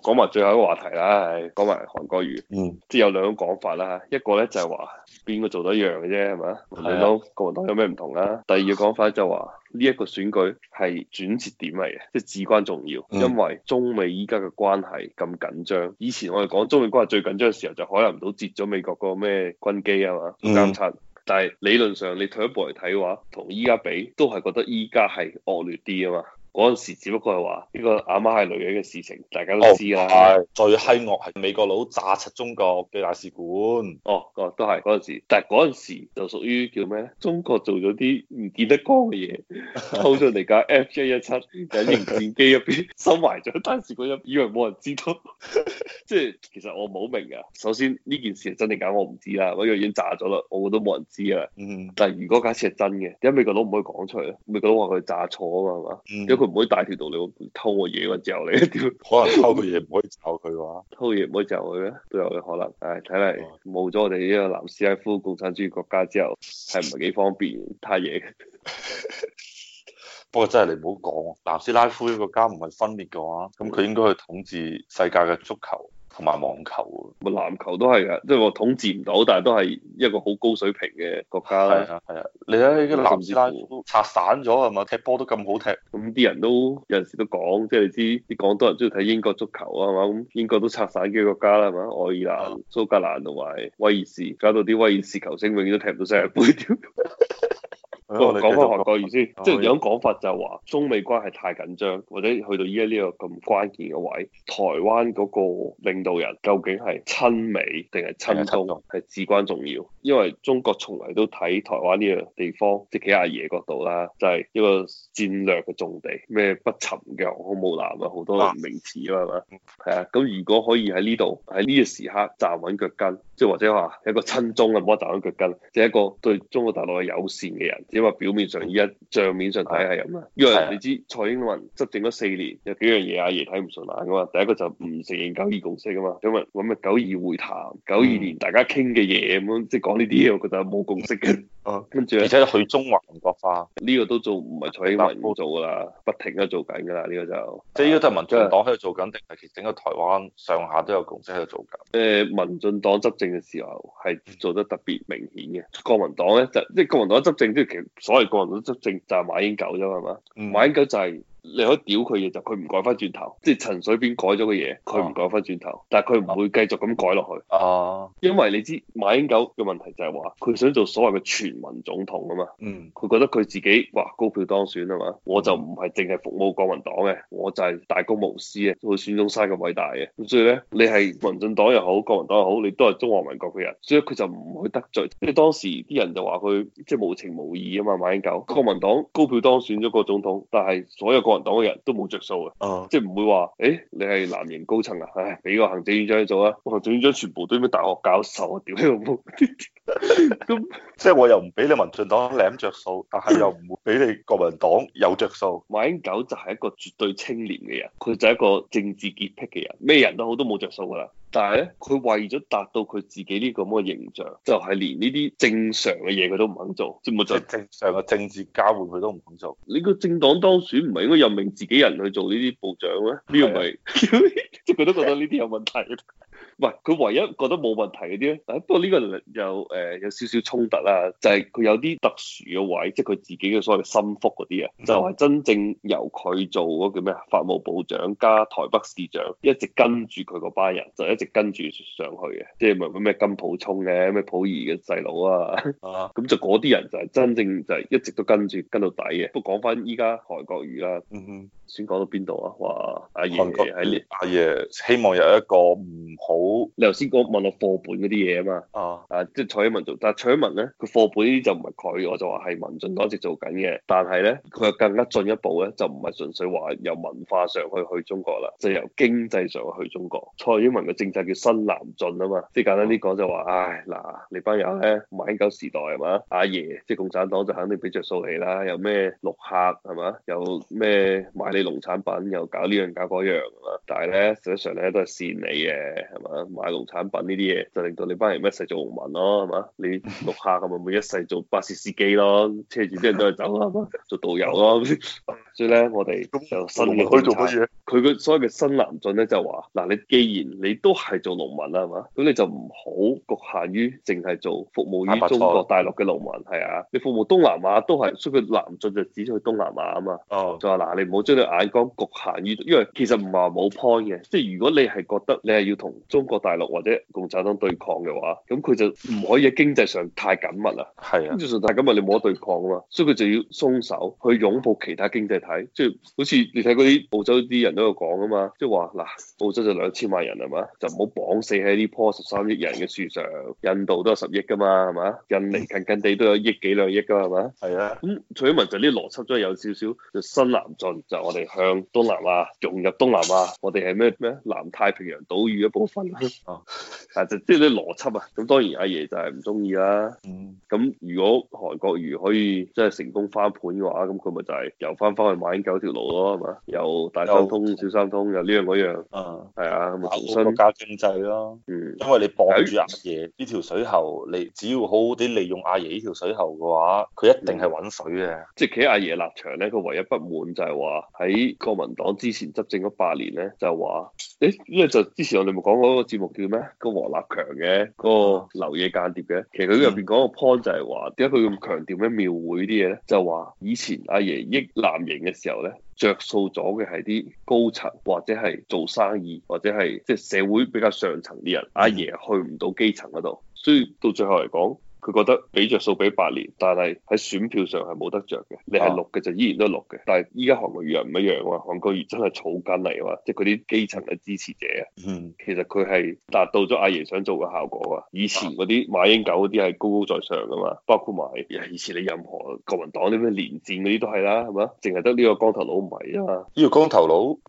講埋最後一個話題啦，講埋韓國瑜，嗯、即係有兩個講法啦吓，一個咧就係話邊個做得一樣嘅啫，係嘛？國民黨、國民黨有咩唔同啦、啊？第二個講法就係話呢一個選舉係轉折點嚟嘅，即係至關重要，因為中美依家嘅關係咁緊張。以前我哋講中美關係最緊張嘅時候就海南島截咗美國嗰個咩軍機啊嘛，監、嗯、察。但係理論上你退一步嚟睇嘅話，同依家比都係覺得依家係惡劣啲啊嘛。嗰陣時只不過係話呢個阿媽係女人嘅事情，大家都知啦。Oh, is. 最閪惡係美國佬炸出中國嘅大使館。哦，都係嗰陣時，但係嗰陣時就屬於叫咩咧？中國做咗啲唔見得光嘅嘢， 偷上嚟架 F 一一七隱形戰機入邊，收埋咗。當時嗰陣以為冇人知道， 即係其實我冇明嘅。首先呢件事係真定假我唔知啦，我以為已經炸咗啦，我都冇人知啊。Mm hmm. 但係如果假設係真嘅，點解美國佬唔可以講出嚟，美國佬話佢炸錯啊嘛，係嘛？Mm hmm. 唔可以大條道理，偷我嘢或者嚼你，可能偷嘅嘢唔可以嚼佢嘅話，偷嘢唔可以嚼佢咧，都有可能。唉、哎，睇嚟冇咗我哋呢個南斯拉夫共產主義國家之後，係唔係幾方便太嘢？ 不過真係你唔好講，南斯拉夫個國家唔係分裂嘅話，咁佢應該去統治世界嘅足球。同埋網球、啊，咪籃球都係嘅，即、就、係、是、我統治唔到，但係都係一個好高水平嘅國家啦。係啊，啊，你睇啲男子籃球都拆散咗係嘛，踢波都咁好踢。咁啲人都有陣時都講，即係你知啲廣東人中意睇英國足球啊，係嘛，咁英國都拆散幾個國家啦係嘛，愛爾蘭、啊、蘇格蘭同埋威爾士，搞到啲威爾士球星永遠都踢唔到世界盃。 嗯、我講翻學個意思，哦、即係有種講法就話中美關係太緊張，或者去到依家呢個咁關鍵嘅位，台灣嗰個領導人究竟係親美定係親中，係至關重要。因為中國從來都睇台灣呢個地方，即係幾阿爺角度啦，就係、是、一個戰略嘅重地，咩不沉嘅航空母艦啊，好多名詞啊，係咪？係啊，咁如果可以喺呢度喺呢個時刻站穩腳跟，即係或者話一個親中嘅，冇得站穩腳跟，即係一個對中國大陸係友善嘅人。因為表面上依家帳面上睇係咁啦，因為你知是的 蔡英文執政咗四年，有幾樣嘢阿爺睇唔順眼噶嘛？第一個就唔承認九二共識噶嘛，咁啊咁啊九二會談、九二、嗯、年大家傾嘅嘢咁樣，即係講呢啲，嘢我覺得冇共識嘅。啊、嗯著，跟住而且去中華民國化呢個都做唔係蔡英文都做噶啦，不停都做緊噶啦，呢個就即係呢個都係民進黨喺度做緊，定係其實整個台灣上下都有共識喺度做緊？誒、嗯，民進黨執政嘅時候係做得特別明顯嘅。嗯、國民黨咧就即係國民黨一執政之後其所謂個人都都正就係馬英九啫嘛，係嘛？馬、嗯、英九就係、是。你可以屌佢嘢，就佢唔改翻轉頭，即係陳水扁改咗個嘢，佢唔改翻轉頭，啊、但係佢唔會繼續咁改落去。哦，啊、因為你知馬英九嘅問題就係話，佢想做所謂嘅全民總統啊嘛。嗯，佢覺得佢自己哇高票當選啊嘛，我就唔係淨係服務國民黨嘅，我就係大公無私嘅，好似孫中山咁偉大嘅。咁所以咧，你係民進黨又好，國民黨又好，你都係中華民國嘅人，所以佢就唔會得罪。即係當時啲人就話佢即係無情無義啊嘛，馬英九國民黨高票當選咗個總統，但係所有國民黨嘅人都冇着數嘅，uh, 即係唔會話，誒、欸，你係藍營高層啊，唉，俾個行政院長去做啦，行政院長全部都咩大學教授啊，屌你老母，咁 那即係我又唔俾你民進黨領着數，但係又唔會俾你國民黨有着數。 馬英九就係一個絕對清廉嘅人，佢就係一個政治潔癖嘅人，咩人都好都冇着數噶啦。但係咧，佢為咗達到佢自己呢個咁嘅形象，就係、是、連呢啲正常嘅嘢佢都唔肯做，即係正、正常嘅政治交換佢都唔肯做。你個政黨當選唔係應該任命自己人去做呢啲部長咩？呢個唔係，即係佢都覺得呢啲有問題。喂佢唯一覺得冇問題嗰啲咧，不過呢個又誒有少少、呃、衝突啦，就係佢有啲特殊嘅位，即係佢自己嘅所謂心腹嗰啲啊，就係、是就是就是、真正由佢做嗰個叫咩啊？法務部長加台北市長，一直跟住佢嗰班人，就一直跟住上去嘅，即係咪咩金溥聰嘅咩溥儀嘅細佬啊，咁、啊啊、 就嗰啲人就係真正就係一直都跟住跟到底嘅。不過講翻依家韓國瑜，先、嗯、哼講到邊度啊？話阿爺喺阿爺希望有一個唔好。好，你頭先講問我課本嗰啲嘢啊嘛，啊，即係、啊就是、蔡英文做，但係蔡英文咧，佢課本呢啲就唔係佢，我就話係民進黨一直做緊嘅，但係咧佢又更加進一步咧，就唔係純粹話由文化上去去中國啦，就由經濟上去中國。蔡英文嘅政策叫新南進啊嘛，即係簡單啲講就話，唉嗱，你班友咧馬英九時代係嘛，阿爺即係共產黨就肯定畀着數你啦，有咩陸客係嘛，有咩買你農產品，又搞呢樣搞嗰樣啊嘛，但係咧實質上咧都係騙你嘅係嘛。買農產品呢啲嘢，就令到你班人一世做農民咯，係嘛？你六下咁咪每一世做巴士司機咯，車住啲人都係走咯，做導遊咯。 所以咧，我哋就神農去做乜嘢？佢嘅所謂嘅新南進咧，就話嗱，你既然你都係做農民啦，係嘛？咁你就唔好局限於淨係做服務於中國大陸嘅農民，係啊，吧你服務東南亞都係，所以佢南進就指去東南亞啊嘛。哦，就話嗱，你唔好將你眼光局，局限於，因為其實唔話冇 point 嘅，即係如果你係覺得你係要同中國大陸或者共產黨對抗嘅話，咁佢就唔可以喺經濟上太緊密啦。係啊，經濟上太緊密你冇得對抗啊嘛，所以佢就要鬆手去擁抱其他經濟體，即係好似你睇嗰啲澳洲啲人。都有講啊嘛，即係話嗱，澳洲就兩千萬人係嘛，就唔、是、好綁死喺呢棵十三億人嘅樹上。印度都有十億㗎嘛係嘛，印尼近近，近地都有億幾兩億㗎係嘛？係啊，咁的、嗯、蔡英文就啲邏輯都係有少少就新南進，就我哋向東南亞融入東南亞，我哋係咩咩南太平洋島嶼一部分 啊。哦、啊啊，就即係啲邏輯啊。咁當然阿爺，爺就係唔中意啦。咁、嗯嗯、如果韓國瑜可以即係成功翻盤嘅話，咁佢咪就係遊翻翻去馬英九條路咯係嘛？由大交通。嗯、小三通又呢樣嗰樣，樣嗯，係啊，互相加經濟咯，啊、嗯，因為你綁住阿爺呢條水喉，你只要好好啲利用阿爺呢條水喉嘅話，佢一定係揾水嘅、嗯。即係企阿爺立場咧，佢唯一不滿就係話喺國民黨之前執政嗰八年咧，就話誒、欸，因為就之前我哋咪講嗰個節目叫咩？嗰個王立強嘅，嗰個流嘢間諜嘅。其實佢入邊講個 point 就係話，點解佢咁強調咩廟會啲嘢咧？就話以前阿爺益藍營嘅時候咧。着數咗嘅係啲高層，或者係做生意，或者係即係社會比較上層啲人，阿爺去唔到基層嗰度，所以到最後嚟講。佢覺得俾着數俾八年，但係喺選票上係冇得着嘅。你係綠嘅就依然都綠嘅。但係依家韓國瑜人唔一樣喎，啊，韓國瑜真係草根嚟喎，即係佢啲基層嘅支持者啊。嗯、其實佢係達到咗阿爺想做嘅效果啊。以前嗰啲馬英九嗰啲係高高在上噶嘛，包括埋以前你任何國民黨啲咩連戰嗰啲都係啦，啊，係嘛？淨係得呢個光頭佬唔係啊嘛。呢個光頭佬。